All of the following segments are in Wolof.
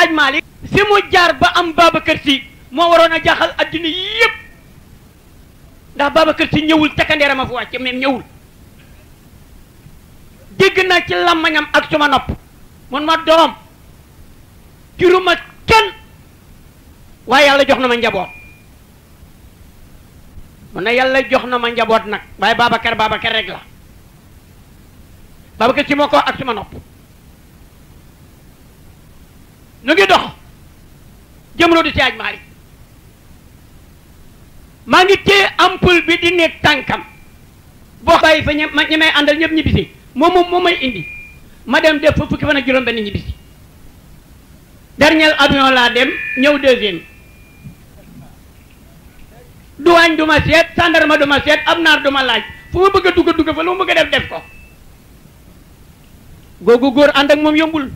xaaj malik si mu jaar ba am si moo jahal a jaaxal adduna yépp ndax si ñëwul takkandeeram a fu wacc mem ñewul dégg na ci lamagnam ak suma nop mon ma doom juruma ken wa yalla jox na ma njaboot mon na yalla jox na ma njaboot nag waaye babacar babacar rek la si ko ak suma nop nu ngi dox jëmloo di caaj maalik maa ngi téye ampul bi di nekk tànkam boo bàyyi fa ña ña may àndal ñëpp ñibbisi moom moom moo may indi ma dem def fa fukki fan ak juróom benn ñibbisi dernier avion laa dem ñëw deuxième duwaañ du ma seet sandarma du ma seet am naar du ma laaj fu ma bëgg a dugg dugg fa lu ma bëgg a def def ko googu góor ànd ak moom yombul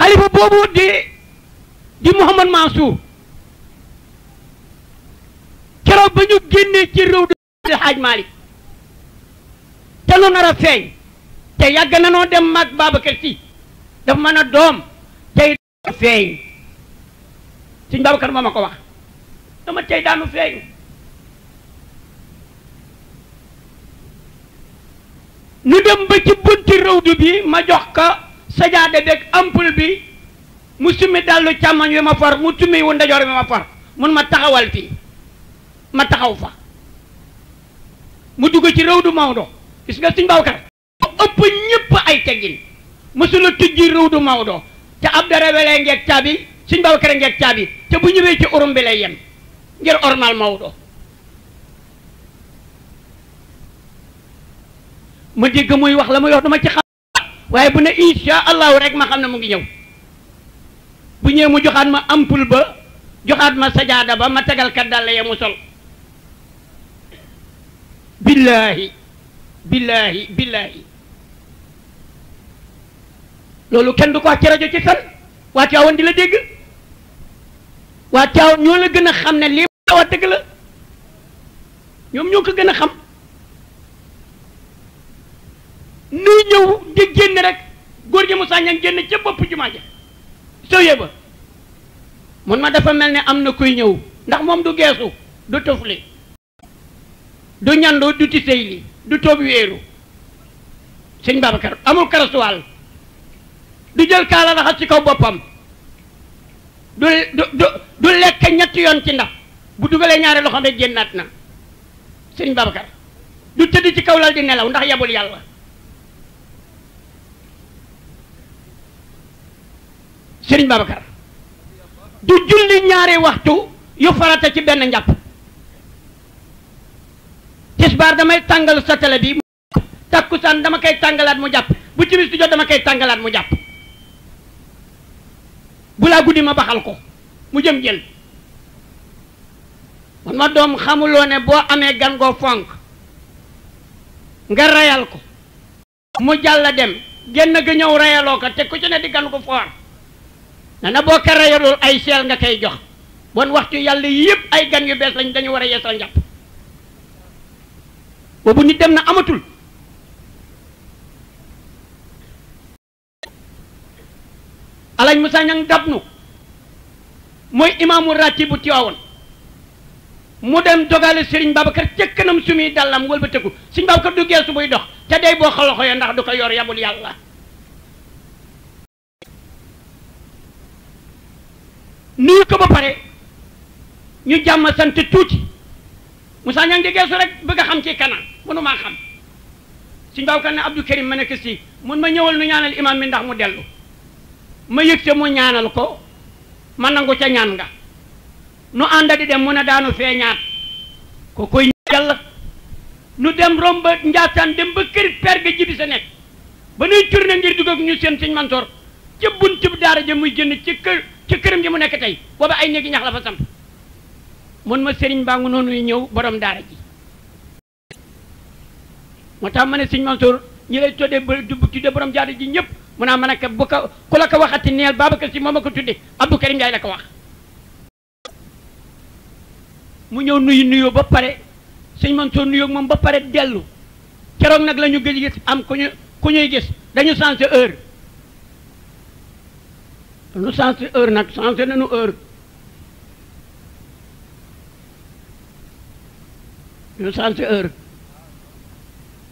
xalifa boobu di di Mouhamad Mansour keroog ba ñu génnee ci réew di Xaaj Malik te lu nar a feeñ te yàgg na noo dem mag Babacar Si dafa mën a doom tey daanu feeñ suñ Babacar moo ma ko wax dama tey daanu feeñ ñu dem ba ci bunti réew bi ma jox ka sajaade beeg ampul bi mu summi dallu càmmoñ wi ma for mu summi wu ndajoor bi ma for mun ma taxawal fii ma taxaw fa mu dugg ci réew du Maodo gis nga suñ Babacar ëpp ñëpp ay teggin mësula tujji réew du Maodo te Abdou Rebelle ngeeg caabi suñ Babacar ngeeg caabi te bu ñëwee ci urum bi lay yem ngir ormal Maodo ma dégg muy wax la muy wax dama ci xam Wahai bu ne insha allahu rek ma xam ne mu ngi ma ampul ba joxaat ma sajaada ba ma tegal kadal dàll ya billahi billahi billahi Lalu kenn du ko ci rajo ci sal waa caawan di la dégg waa caawan ñoo la gën a xam ne lii waa dëgg la ñoom ñoo ko nuy ñëw di génn rek góor gi Moussa Niang génn ca bopp jumaa ja sëwye ba mun ma dafa mel ne am na kuy ñëw ndax moom du geesu du tofli du ñandoo du tisey li du toob wéeru sëñ Babacar amul karasuwaal du jël kaala raxas ci kaw boppam du du du lekk ñetti yoon ci ndax bu dugalee ñaari loxoom rek génnaat na sëñ Babacar du tëdd ci kaw lal di nelaw ndax yabul yàlla Serigne Babacar du julli ñaari waxtu yu farata ci benn njàpp tisbaar damay tàngal sa télé bi takkusaan dama koy tàngalaat mu jàpp bu timis dama koy tàngalaat mu jàpp bu laa guddi ma baxal ko mu jëm jël man ma doom xamuloo ne boo amee gan goo fonk nga rayal ko mu jàll dem génn ga ñëw rayaloo ko te ku ci ne di gan ko foor nana bo ko reyalul ay sel nga kay jox bon waxtu yalla yeb ay gan yu bes lañ dañu wara yeesal ñap bo bu nit dem na amatul alañ musa ñang dabnu moy imaamu ratibu tiwaawoon mu dem dogale serigne babakar ci kanam sumi wolbe teggu serigne babakar du geesu muy dox ca day bo xaloxo xoy ya ndax du ko yor yabul yalla nuyu ko ba pare ñu jamm sant tuuti musa ñang di gesu rek bëgg xam ci kanam mënu ma xam si baw kan Abdou Karim mané ke si mën ma ñëwal nu ñaanal imam mi ndax mu delu ma ci mu ñaanal ko man nangu ca ñaan nga nu anda di dem mu daanu feeñaat ko koy yàlla nu dem romba njaataan dem ba kër per ga jibi sa nek ba ñu turne ngir dugg ak ñu seen sëñ daara ja muy ci kër ci këram ji mu nekk tey booba ay néegi ñax la fa samp mën ma sëriñ baa ngu noonuy ñëw borom daara ji moo tax ma ne sëñ Mansour ñi lay tuddee ba du tuddee borom daara ji ñëpp mun naa man a bu ko ku la ko waxati neel Babacar Si moom a ko tuddee Abdou Karim Ndiaye la ko wax mu ñëw nuyu nuyoo ba pare sëñ Mansour nuyoo moom ba pare dellu keroog nag la ñu gëj gis am ku ñu ku ñuy gis dañu changé heure lu sensé heure nag sensé nañu heure lu sensé heure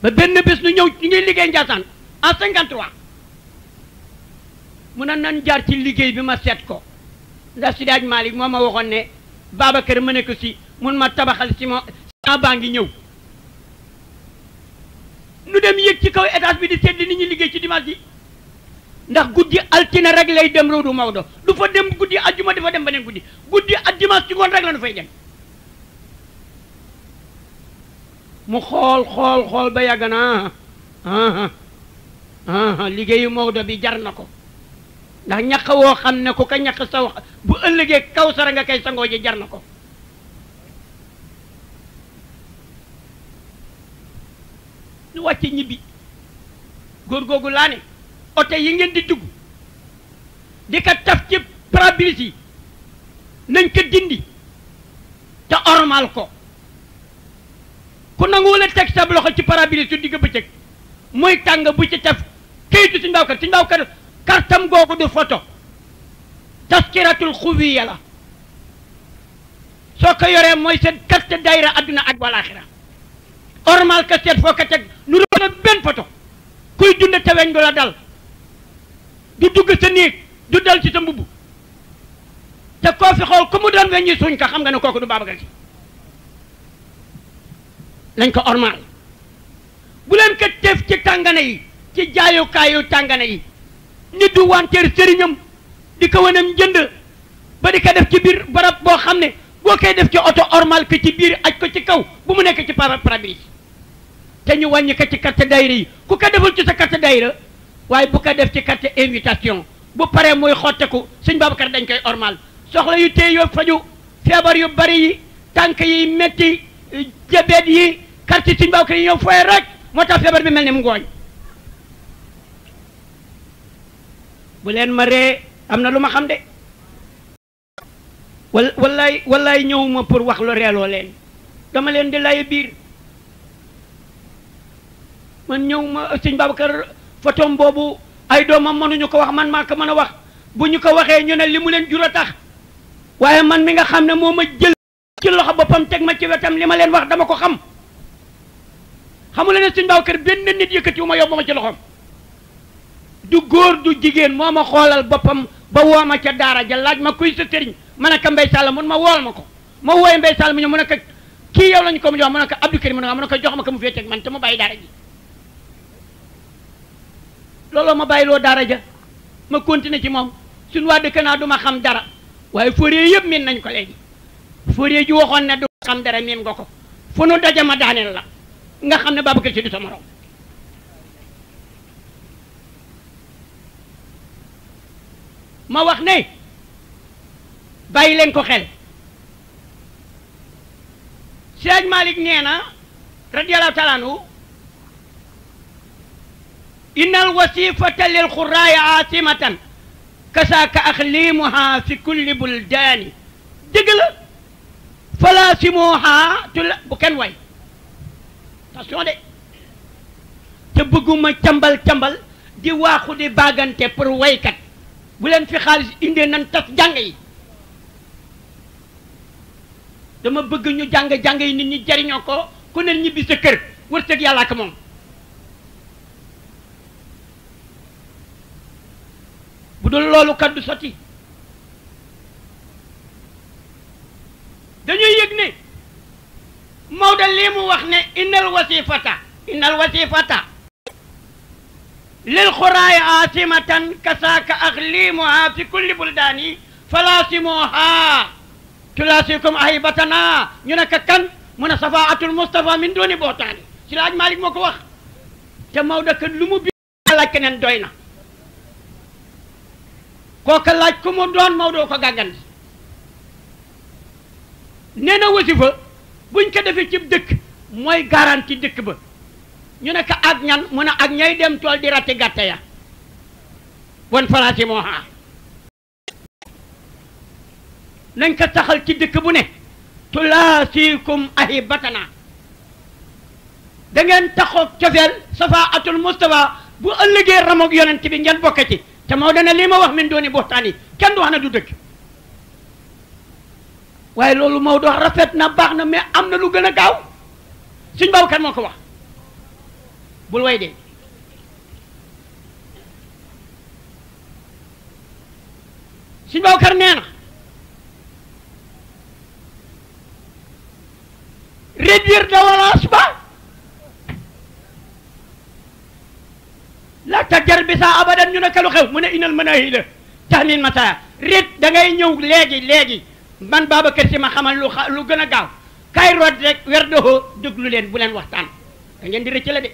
ba benn bés nu ñëw ñu ngi liggéey Ndiassane en 53 mu ne naan jaar ci liggéey bi ma seet ko ndax si daaj Malick moo ma waxoon ne Babacar ma nekk si mun ma tabaxal si ma sans baa ngi ñëw nu dem yëg ci kaw étage bi di seet ni ñi liggéey ci dimanche yi ndax guddi altina rek lay dem rodu mawdo du fa dem guddi aljuma gudi, dem benen guddi guddi aljuma ci ngoon rek la fay dem mu xol xol xol ba ha ha ah, ah, ah, ligey mawdo bi jar nako ndax ñaka wo xamne ko ka ñaka saw bu ëllëgee kaw sara nga kay sangoo ji jar nako ñu oto yi ngeen di dugg di ko taf ci parabrise yi nañ ko dindi te ormal ko ku nanguwul a teg sa loxo ci parabrise su digg bëccëg muy tàng bu ci taf kayitu si ndaw kat si ndaw kat kartam googu du photo taskiratul xuwiya la soo ko yoree mooy seen carte dayra adduna ak walaaxira ormal ka seet foo ko teg nu rëbëna benn photo kuy dund te weñ du la dal du dugg sa néeg du dal ci sa mbubb te koo fi xool ku mu doon weññi suñ ka xam nga ne kooku du Babacar Sy nañ ko ormaal bu leen ko teef ci tàngana yi ci jaayukaayu tàngana yi nit du wanteer sëriñam di ko wanam njënd ba di ko def ci biir barab boo xam ne goo koy def ci oto ormal ko ci biir aj ko ci kaw bu mu nekk ci para yi te ñu wàññi ko ci carte daayira yi ku ko deful ci sa carte daayira waaye bu ko def ci carte invitation bu paree muy xotteku sëñ Babacar dañ koy ormal soxla yu téye yoo faju feebar yu bari yi tànk yi metti jabet yi carte sëñ Babacar yi ñëw fooye rek moo tax feebar bi mel ni mu ngooñ bu leen ma ree am na lu ma xam de wal wallaay wallaay ñëwuma pour wax lu reeloo leen dama leen di laye biir man ñëwuma sëñ Babacar fotom bobu ay doomam mënuñu ko wax man maa ko mën kawah wax bu ñu ko waxee ñu ne limu mu leen jura tax waye man mi nga xam moma jël ci loxo bopam tek ma ci wetam lima ma leen wax dama ko xam xamulene leen baw suñ baaw kër benn nit yëkëti wu yobuma ci loxom du goor du jigen moma xolal bopam ba woo ca ja laaj ma kuy sëriñ mané ka mbay ma wol mako ma woy mbay sall mu ñu ka ki yow lañ ko mu jox ka abdou karim ka jox mako mu fété ak man te mu dara ji looloo ma bàyyiloo daara ja ma continuer ci moom suñu waa dëkk naa du ma xam dara waaye fóoree yëpp miin nañ ko léegi fóoree ji waxoon ne du xam dara miin nga ko fu nu daje ma daaneel la nga xam ne Babacar Sy du sa morom ma wax ne bàyyi leen ko xel Cheikh Malick nee na radiyallahu taala anhu innal wasifata lil xuraayi aasimatan kasaaka axliimuha fi kulli buldaani dëgg la falaasimuha tu bu kenn way te bëgguma cambal cambal di waaxu di baagante pour waykat bu leen fi xaalis indee nan jàng yi dama bëgg ñu jàng jàng yi nit ñi jariñoo ko ku ne ñibbi sa kër wërsëg yàlla ak moom bu dul loolu kat du sotti dañuy yëg ne Maodo lii mu wax ne innal wasifata innal wasifata lil xuraay aasimatan kasaaka ak liimuha fi kulli buldaani falaasimoha tulaasikum ahibatana ñu ne ka kan mu ne safaatul Mustafa min dooni bootaani si laaj Malick moo ko wax te Maodo kat lu mu bi laaj keneen doy na kooka laaj ku mu doon Maodo ko gàggan nee wasifa buñ ko defee cib dëkk mooy ci dëkk ba ñu ne ak ñan mu ne ak ñay dem tool di ratti gàtte ya bon faraasi moo xaar nañ ko taxal ci dëkk bu ne tulaasikum ahi batana da ngeen taxoog cofeel safa atul mustafa bu ëllëgee ramoog yonent bi ngeen bokk ci te moo dana lii ma wax min dooni buxtaan yi kenn du wax na du dëgg waaye loolu Maodo wax rafet na baax na mais am na lu gën a gaaw suñ Babacar moo ko wax bul way dee suñ Babacar nee na réduire de violence ba la tajar bi saa abadan ñu ne kalu xew mu ne inal mën a la tax ma saa rit da ngay ñëw léegi léegi man Babacar Si ma xamal lu xa lu gën a gaaw kay root rek wer doxoo déglu leen bu leen waxtaan da ngeen di rëcc la de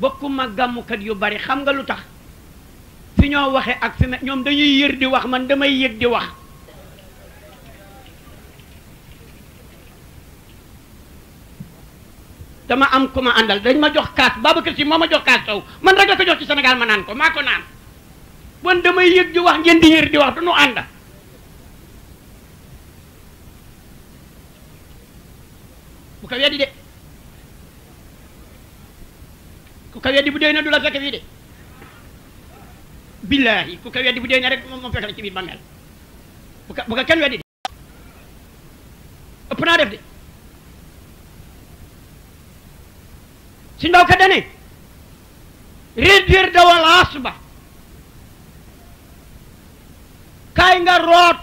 bokkuma gàmmukat yu bari xam nga lu tax fi ñoo waxee ak fi ma ñoom dañuy yër di wax man damay yëg di wax dama am kuma andal dañ ma jox kaas babacar si moma jox kaas taw man rek la ko jox ci sénégal ma naan ko bon di wax ngeen di yër di wax du nu ànd bu ko weddi de ku ko weddi bu dee na fekk de billahi ku bu rek fekk ci bu de ëpp def de si ndaw ka dane réduire de walance ba kaay nga root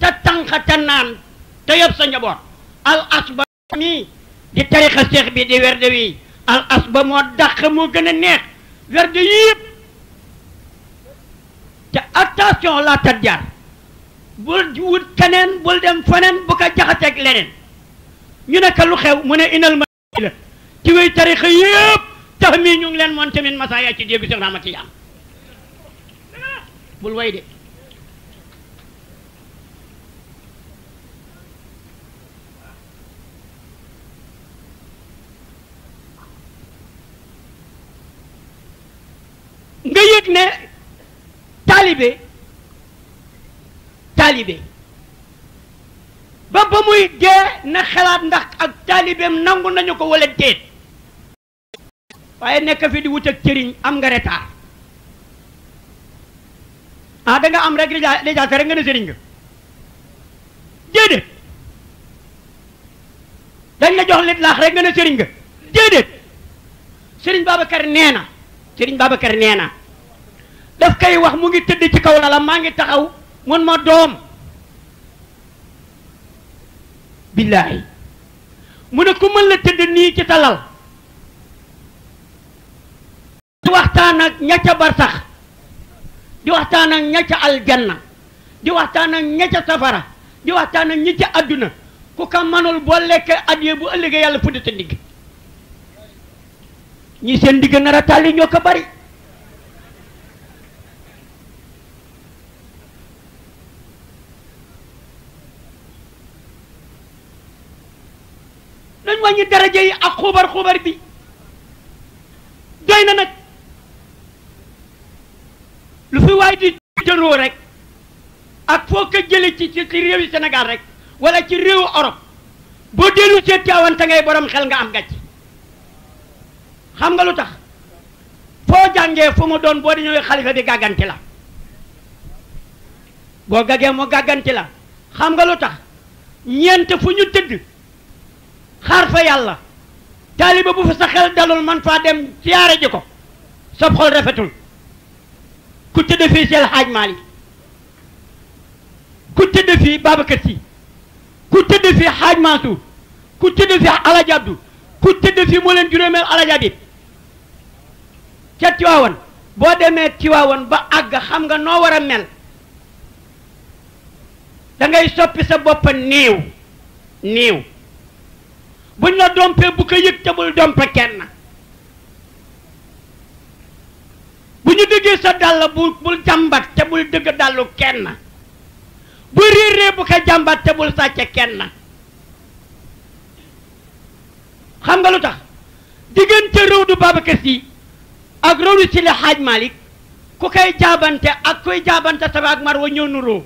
te tànqa te naan te yëpp sa njaboot al asba mi di tarixa seex bi di werde wi al asba moo dàq moo gën a neex werde yëpp te attention laa tat jaar bul wut keneen bul dem feneen bu ko jaxateeg leneen ñu ne lu xew mu ne inal ma ci wéy tarixa yëpp tax mii ñu leen moon tamit masaaya ci déggu Seex Ahmad Tijaan bul way de nga yëg ne taalibe taalibe ba ba muy dee na xalaat ndax ak taalibeem nangu nañu ko wala déet waaye nekk fi di wut ak cëriñ am nga retard ah da nga am rek lijaase rek nga ne sëriñ nga déedéet dañ la jox lit laax rek nga ne sëriñ nga déedéet sëriñ Babacar nee na sëriñ Babacar nee na daf koy wax mu ngi tëdd ci kaw lalam maa ngi taxaw mën ma doom billaahi mu ne ku mën tëdd nii ci talal di waxtaan ak ña ca barsax di waxtaan ak ña ca aljanna di waxtaan ak ña ca safara di waxtaan ak ña ca adduna ku ka manul boo lekkee addiye bu ëllëgee yàlla fudd sa ndigg ñi seen ndigg nar a tàlli ñoo ko bari dañ wàññi daraja yi ak xuubar xuubar bi doy na nag lu fi waay di jëndoo rek ak foo ko jële ci ci réewi Sénégal rek wala ci réewu Europe boo dellu see Tiwaawan te ngay borom xel nga am gàcc xam nga lu tax foo jàngee fu mu doon boo di ñëwee xalifa bi gàgganti la boo gagee mu gàgganti la xam nga lu tax ñeent fu ñu tëdd xaar fa yàlla taaliba bu fa sa xel dalul man faa dem siyaare ji ko sob xol rafetul ku tëdd fii Seex Xaaj Maalik ku tëdd fii Babacar Sy ku tëdd fii Xaaj Mansour ku tëdd fii Alaaji ku tëdd fii moo leen juróomeel Alaaji ca Tiwaawan boo demee Tiwaawan ba àgg xam nga noo war a mel da ngay soppi sa boppa néew néew buñ la dompee bu ko yëg te bul dompe kenn bu ñu duggee sa dàll bu bul jàmbat te bul dëgg dàllu kenn bu réeree bu ko jàmbat te bul sàcce kenn xam nga lu tax diggante réew du Babacar Sy ak réew du Seydi Hadj Malick ku koy jaabante ak kuy jaabante Safa ak Marwa ñëw nuroo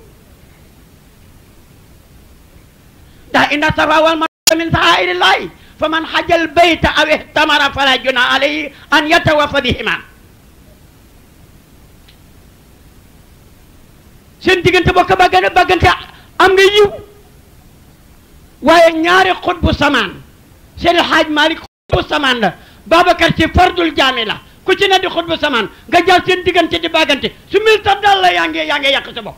ndax inna Safa wal Marwa min sha'aa'irillaahi fa man hajjal bayta aw ihtamara falaa junaaha alayhi an yatawaffa bihimaa seen diggante bokk bàggante bàggante am nga yiw waaye ñaari xutbu samaan seen xaaj Malick xutbu samaan la Babacar ci fardul la ku ci ne di xutbu samaan nga jaar seen diggante di bàggante su mil tax daal yaa ngi yaa ngi yàq sa bopp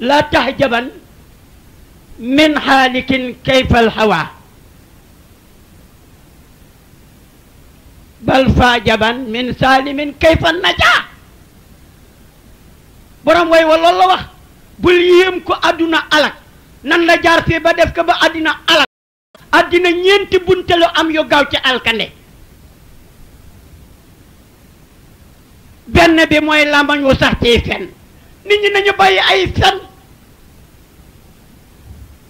laa min xaalikin kayfal hawa bal faajaban min saalimin kayfa najaa borom way wa la wax bul yéem ko àdduna alak nan la jaar fii ba def ko ba àddina alak àddina ñeenti buntelu am yu gaaw ci alkande benn bi mooy làmbañ wu sax ciy fen nit ñi nañu bàyyi ay fen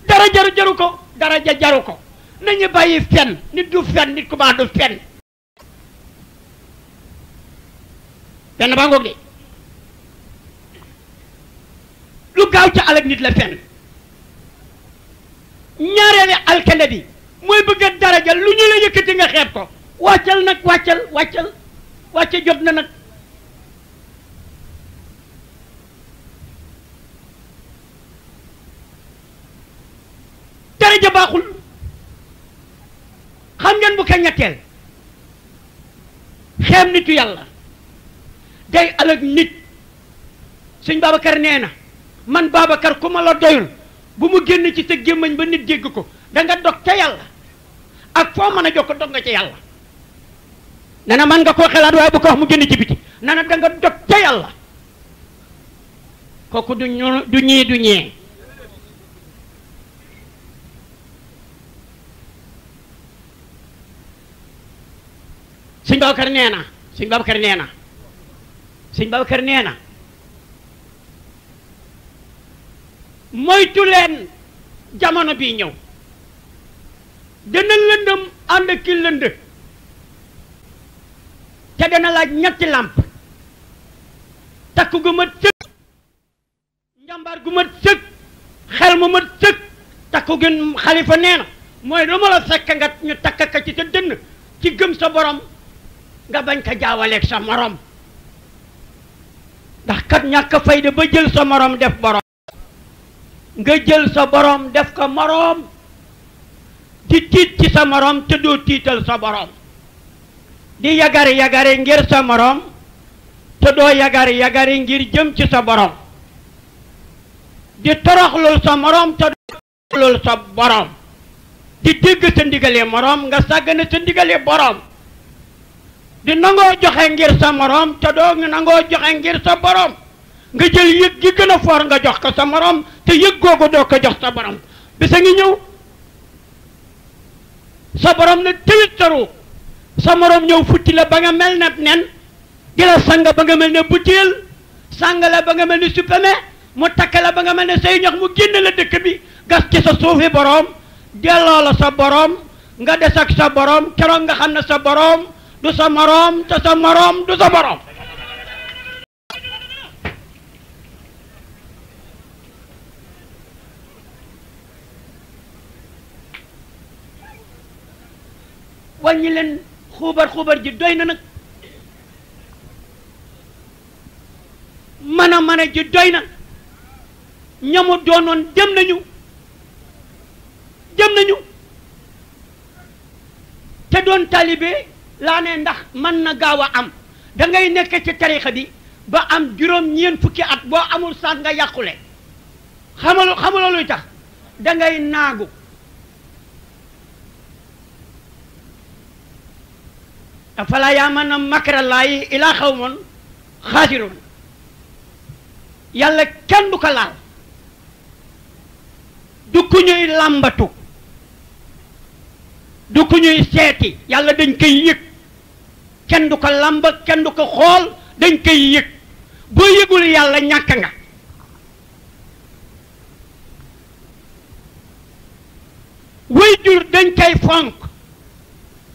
dara jaru jaru ko dara ja jaru ko nañu bàyyi fen nit du fen nit ku baax du fen benn baa ngoog de lu gaaw ca alak nit la fenn ñaareele alkande mooy bëgg daraja lu ñu la yëkkati nga xeeb ko wàccal nag wàccal wàccal wàcce jot na nag daraja baaxul xam ngeen bu ko ñetteel xeeb nitu yàlla day alag nit sëñ babakar neena man babakar kuma la doyul bu mu genn ci sa gémmañ ba nit deg ko da nga dog ca yalla ak fo meuna jokk dog nga ca yalla nana man nga ko xelat way bu ko mu genn ci biti nana da nga dog ca yalla koku du ñu du ñi du ñi babakar neena babakar neena sëñ Babacar nee na moytu leen jamono bii ñëw dana lëndëm ànd ki lënd te dana laaj ñetti làmp takk gu mat sëkk njàmbaar gu mat sëkk xel mu mat sëkk takku gi xalifa nee na mooy lu ma fekk nga ñu takk ka ci sa dënn ci gëm sa borom nga bañ ko jaawaleeg sa morom ndax kat ñàkk fayda ba jël sa moroom def boroom nga jël sa boroom def ko moroom di tiit ci sa moroom te doo tiital sa boroom di yagari yagari ngir sa morom te doo yagari yagari ngir jëm ci sa borom di toroxlul sa morom te doo toroxlul sa boroom di dégg sa ndigalee moroom nga sàggane sa ndigalee boroom di nango joxe ngir sa morom te do ngi nango joxe ngir sa borom nga jël yeg gi gëna for nga jox ko sa morom te yeg gogo do ko jox sa borom bisa ngi ñew sa borom ne tilit taru sa morom ñew futti la ba nga mel ne nen di la sang ba nga mel ne butil sang la ba nga mel ne suppame mu takk ba nga mel ne say ñox mu genn la dekk bi gas ci sa soofé borom sabaram, la sa borom nga des ak sa borom kéro nga sa borom du sa moroom te sa moroom du sa moroom wàññi leen xuubar xuubar ji doy na nag mën a ji doy na ñamu doonoon dem nañu dem nañu te doon taalibe laa ne ndax mën na gaaw a am da ngay nekk ci tarixa bi ba am juróom-ñeent fukki at boo amul sant nga yàqule xamal xamaloo luy tax da ngay naagu afala yaamana makrallaahi ilaa xawmun xaasirun yàlla kenn du ko laal du ku ñuy làmbatu du ku ñuy seeti yàlla dañ koy yëg kenn du ko làmb kenn du ko xool dañ koy yëg boo yëgul yàlla ñàkk nga wayjur dañ koy fonk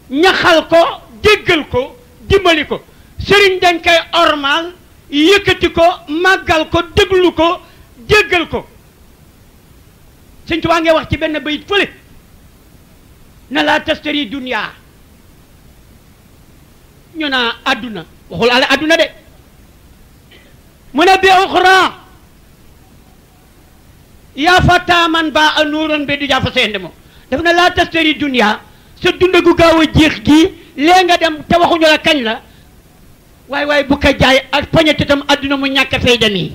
ñaxal ko déggal ko dimbali ko sëriñ dañ koy ormaal yëkkati ko màggal ko déglu ko déggal ko sëñ Tuubaa ngay wax ci benn bayit fële na laa tastari dunya ñu naa àdduna waxul ala adduna de mu ne bi uxra yaa fata man ba a nuuroon bi du jaa fa sende mo daf na laa tastari dunia sa dund gaaw a jeex gii lee nga dem te waxuñu la kañ la waaye waaye bu ko jaay ak poñete tam adduna mu ñàkk fay demee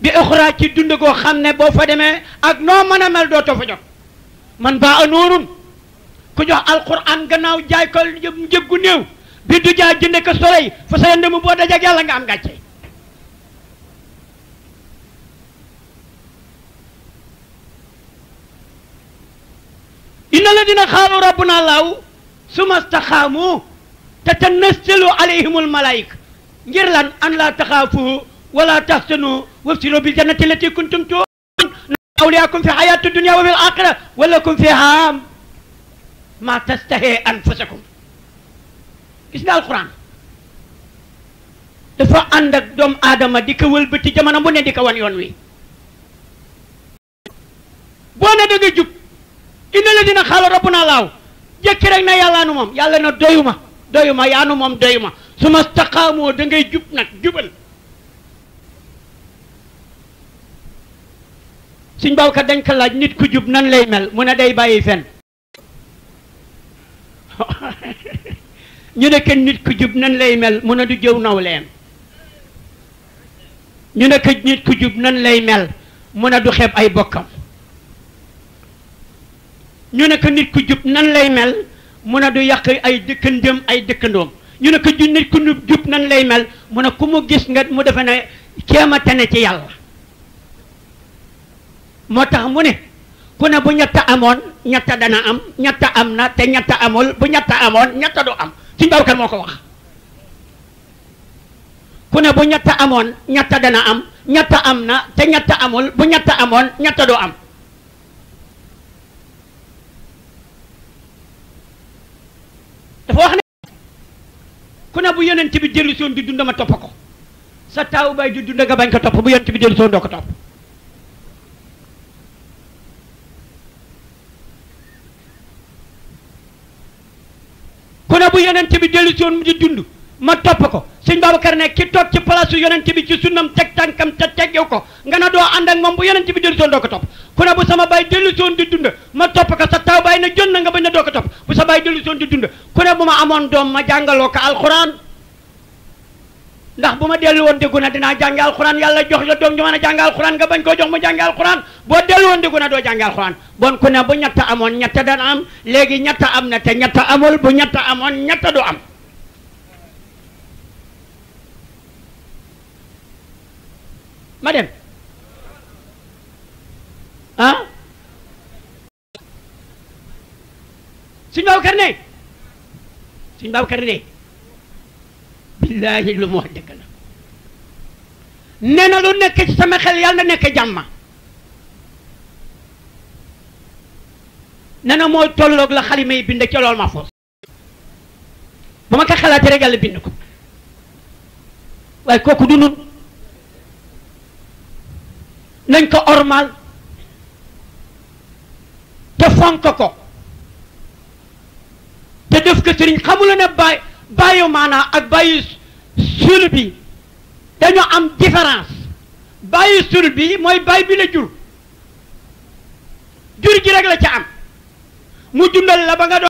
bi uxra ci dund goo xam ne boo fa demee ak noo mën a mel dootoo fa jot man ba a nuurun ku jox alquran gannaaw jaay ko njëg gu néew bi du jaay jënde ko soleil fa sa ndemu boo dajak yàlla nga am gàcce inna alladina xaalu rabbuna allahu suma staxaamu te tanazzalu alayhimul malaayika ngir lan an laa taxaafu wala taxsanu wabsiru bil jannati allati kuntum tuu'adun awliyaakum fi xayaati dunya wa fil axira walakum fiha ma tastahee anfusakum gis nga alxuraan dafa ànd ak doomu aadama di ko wëlbati jamono bu ne di ko yoon wi boo ne da nga jub inna la dina xaala rabbuna laaw rek na yàllaanu moom yàlla na doyuma doyuma yaanu moom doyuma su ma staqaamoo dangay ngay jub nag jubal suñ bawkat dañ ko laaj nit ku jub nan lay mel mu ne day bàyyi fen ñu ne que nit ku jub nan lay mel mu a du jëw nawleem ñu ne que nit ku jub nan lay mel mu a du xeeb ay bokkam ñu ne nan lay mel mu ne du yàq ay dëkkandëm ay dëkkandoom ñu ne que nit ku jub nan lay mel mu ne ku mu gis nga mu defe ne kéem a tane ci yàlla moo tax mu ne ku ne bu ñett amoon ñetta dana am ñetta am na te ñetta amul bu ñetta amoon ñetta am suñ baabu moo ko wax ku ne bu amoon ñetta dana am ñetta am na te ñetta amul bu ñetta amoon ñetta du am dafa wax ne ku ne bu yonent bi dellu soon di dund ma topp ko sa taawu baay di dund nga bañ ko topp bu yonent bi dellu soon doo ko topp ku ne bu yonent bi dellu si woon mu di dund ma topp ko sëñ Babacar ne ki toog ci place su yonent bi ci sunnam teg tànkam te teggew ko nga na doo ànd ak moom bu yonent bi dellu si woon doo ko topp ku bu sama bay dellu si woon di dund ma topp ko sa taw bay ne jot na nga bañ a doo ko topp bu sa bay dellu si woon di dund ku bu ma amoon doom ma jàngaloo ko alxuraan ndax bu ma dellu woon déggu na dinaa jàngi alxuraan yàlla jox la doom ju mën a jàng alxuraan nga bañ koo jox mu jàngi alxuraan boo dellu woon déggu na doo jàngi alxuraan bon ku ne bu ñett amoon ñett dana am léegi ñett am na te ñett amul bu ñett amoon ñett du am ma dem ah suñ Babacar ne suñ Babacar ne billaahi lu mu wax dëgg la nee na lu nekk sama xel yàlla na nekk jàmm nee mooy tolloog la xalima yi bind ca loolu ma foos bu ma ko xalaatee rek yàlla bind ko waaye kooku du nun nañ ko ormal te fonk ko te def ko sëriñ xamula ne bàyyi bàyyi maanaa ak bàyyi sul bi dañoo am différence bàyyi sul bi mooy bàyyi bi la jur jur gi rek la ca am mu dundal la ba nga doon